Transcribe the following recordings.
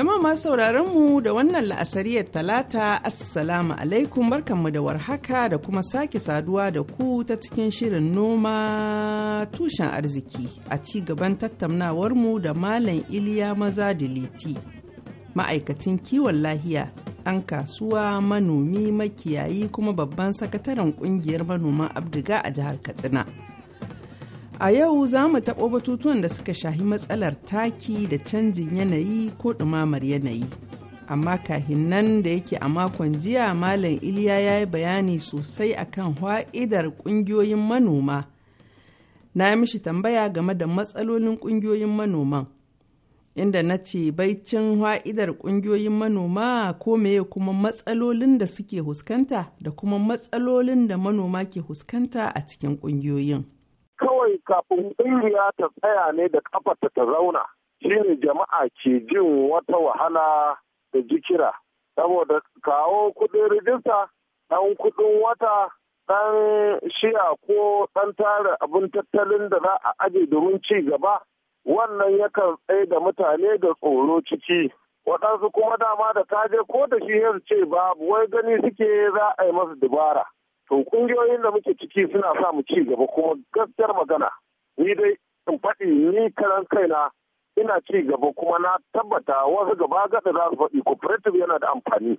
Jama'a masu sauraron mu da wannan la'asariyar talata assalamu alaikum barkanmu da warhaka da kuma sake saduwa da ku ta cikin shirin noma tushen arziki a ci gaban tattaunawar mu da Malam Iliya Maza Diliti ma'aikacin kiwon lahiya an kasuwa manomi makiyayi kuma babban sakataren kungiyar manoman abdiga a jihar Katsina. A yau za mu taɓo batutuwan da suka shahi matsalar taki da canjin yanayi ko ɗumamar yanayi. Amma kahin nan da yake a makon jiya Malam Iliya ya yi bayani sosai akan wa'idar ƙungiyoyin manoma. Na yi mishi tambaya game da matsalolin ƙungiyoyin manoman. Inda na ce baicin wa'idar ƙungiyoyin manoma ko meye kuma matsalolin da suke huskanta da kuma matsalolin da manoma ke huskanta a cikin ƙungiyoyin. kawai kafin ƙungiya ta tsaya ne da kafarta ta zauna shine jama'a ke jin wata wahala da jikira saboda kawo kudin rijista ɗan kudin wata ɗan shiya ko ɗan tara abin tattalin da za a aje domin ci gaba wannan yakan tsaye da mutane da tsoro ciki waɗansu kuma dama da ta ko da shi yanzu ce babu wai gani suke za a yi masu dubara to kungiyoyin da muke ciki suna sa mu ci gaba kuma gaskiyar magana ni dai in faɗi ni karan kaina ina ci gaba kuma na tabbata wasu gaba gada za su faɗi cooperative yana da amfani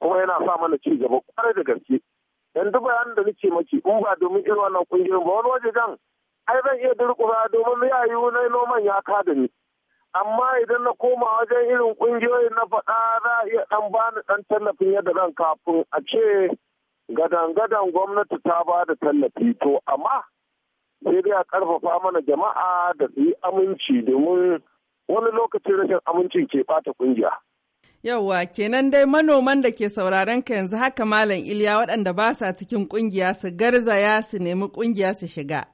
kuma yana sa mana ci gaba kwarai da gaske dan duk da nake maki in ba domin irin wannan kungiyoyin ba wani waje dan ai zan iya durƙusa domin yayu na noman ya ka da ni amma idan na koma wajen irin kungiyoyin na faɗa za a iya ɗan bani ɗan tallafin yadda zan kafin a ce gadan-gadan gwamnati ta ba da tallafi to amma sai dai a karfafa mana jama'a da su yi aminci domin wani lokacin rashin amincin ke bata kungiya. Yawwa kenan dai manoman da ke sauraron ka yanzu haka Malam Iliya waɗanda ba sa cikin ƙungiya su garza ya su nemi ƙungiya su shiga.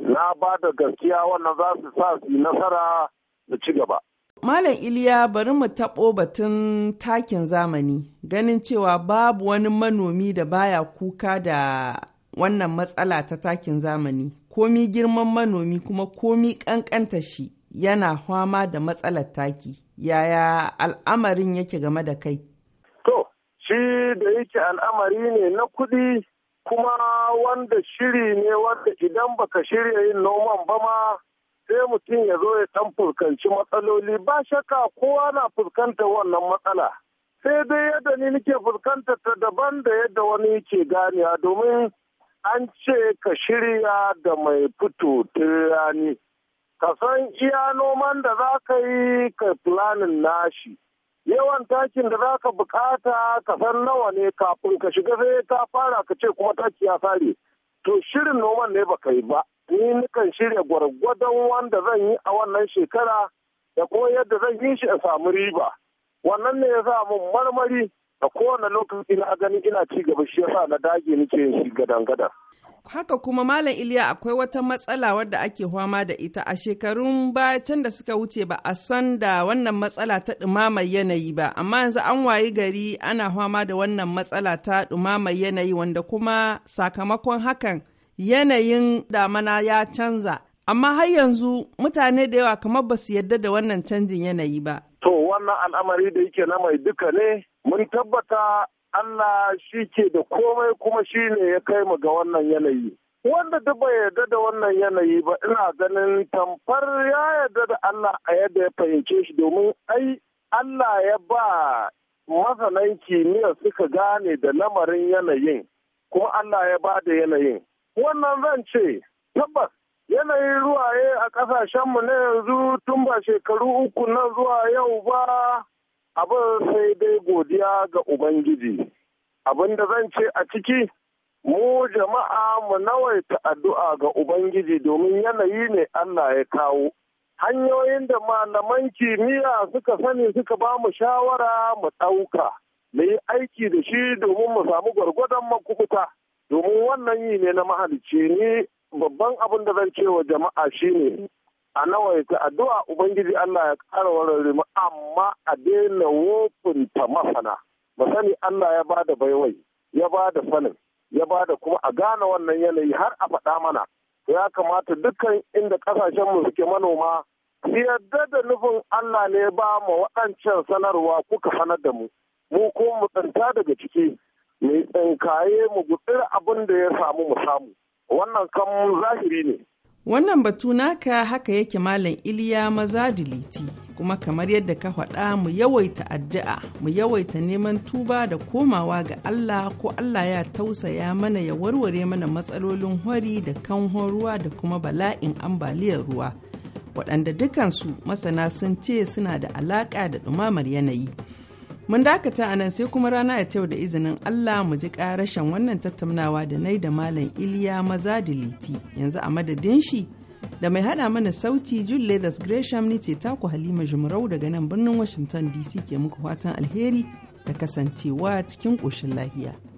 Na ba da gaskiya wannan za su sa su yi nasara da ci gaba. Malam Iliya bari mu taɓo batun takin zamani ganin cewa babu wani manomi da baya kuka da wannan matsala ta takin zamani komi girman manomi kuma komi ƙanƙanta shi yana fama da matsalar taki yaya al'amarin yake game da kai. To, shi da yake al'amari ne na kuɗi kuma wanda shiri ne wanda idan baka shirya yin noman ba ma sai mutum ya zo ya san fuskanci matsaloli ba shakka kowa na fuskanta wannan matsala sai dai yadda ni nake fuskanta ta daban da yadda wani yake ganewa domin an ce ka shirya da mai fito rani ka san iya noman da za ka yi ka planin nashi yawan takin da za ka bukata ka san nawa ne kafin ka shiga sai ka fara ka ce kuma taki ya sare to shirin noman ne baka yi ba ni nukan shirya gwargwadon wanda zan yi a wannan shekara da ko yadda zan yi shi in samu riba wannan ne ya sa mun marmari da kowane lokaci na gani ina ci gaba shi yasa na dage nake yin shi gadan gadan Haka kuma Malam Iliya akwai wata matsala wadda ake fama da ita a shekarun can da suka wuce ba a san da wannan matsala ta ɗumamar yanayi ba, amma yanzu an wayi gari ana fama da wannan matsala ta ɗumamar yanayi wanda kuma sakamakon hakan yanayin damana ya canza. Amma har yanzu mutane da yawa kamar ba su yarda da wannan canjin yanayi ba. To wannan al'amari da yake na mai duka ne mun tabbata Allah shi ke da komai kuma shi ne ya kai mu ga wannan yanayi. Wanda duk bai yarda da wannan yanayi ba ina ganin tamfar ya yarda da Allah a yadda ya fahimce shi domin ai Allah ya ba masanan kimiyya suka gane da lamarin yanayin kuma Allah ya ba da yanayin. Wannan zan ce tabbas yanayin ruwaye a ƙasashenmu na yanzu tun ba shekaru uku na zuwa yau ba abin sai dai godiya ga Ubangiji. Abin da zan ce a ciki, mu jama'a mu nawaita addu'a ga Ubangiji domin yanayi ne Allah ya kawo. Hanyoyin da malaman kimiyya suka sani suka ba mu shawara mu ɗauka, mu yi aiki da shi domin mu samu gwargwadon makubuta. Domin wannan yi ne na mahalicci ne. babban abin da zan ce wa jama'a shine a nawaita addu'a ubangiji Allah ya ƙara warware mu amma a daina wofinta masana ba sani Allah ya bada baiwai ya bada sanin ya bada kuma a gane wannan yanayi har a faɗa mana ya kamata dukkan inda ƙasashen mu suke manoma yadda da nufin Allah ne ba mu waɗancan sanarwa kuka sanar da mu mu ko mu tsanta daga ciki mu tsinkaye mu gutsira abin da ya samu mu samu wannan kan zahiri ne Wannan batu naka haka yake Malam Iliya maza diliti kuma kamar yadda ka faɗa mu yawaita addu'a mu yawaita neman tuba da komawa ga Allah ko Allah ya tausaya mana ya warware mana matsalolin hori da kanhon ruwa da kuma bala'in ambaliyar ruwa waɗanda dukansu masana sun ce suna da alaƙa da ɗumamar yanayi. Mun dakata a nan sai kuma rana ya yau da izinin Allah mu ji ƙarashen wannan tattaunawa da nai da Malam Iliya maza da liti yanzu a madadin shi da mai hada mana sauti June Leathers Gresham ni ce taku Halima Jumrau daga nan birnin Washington DC ke muku fatan alheri da kasancewa cikin ƙoshin lahiya.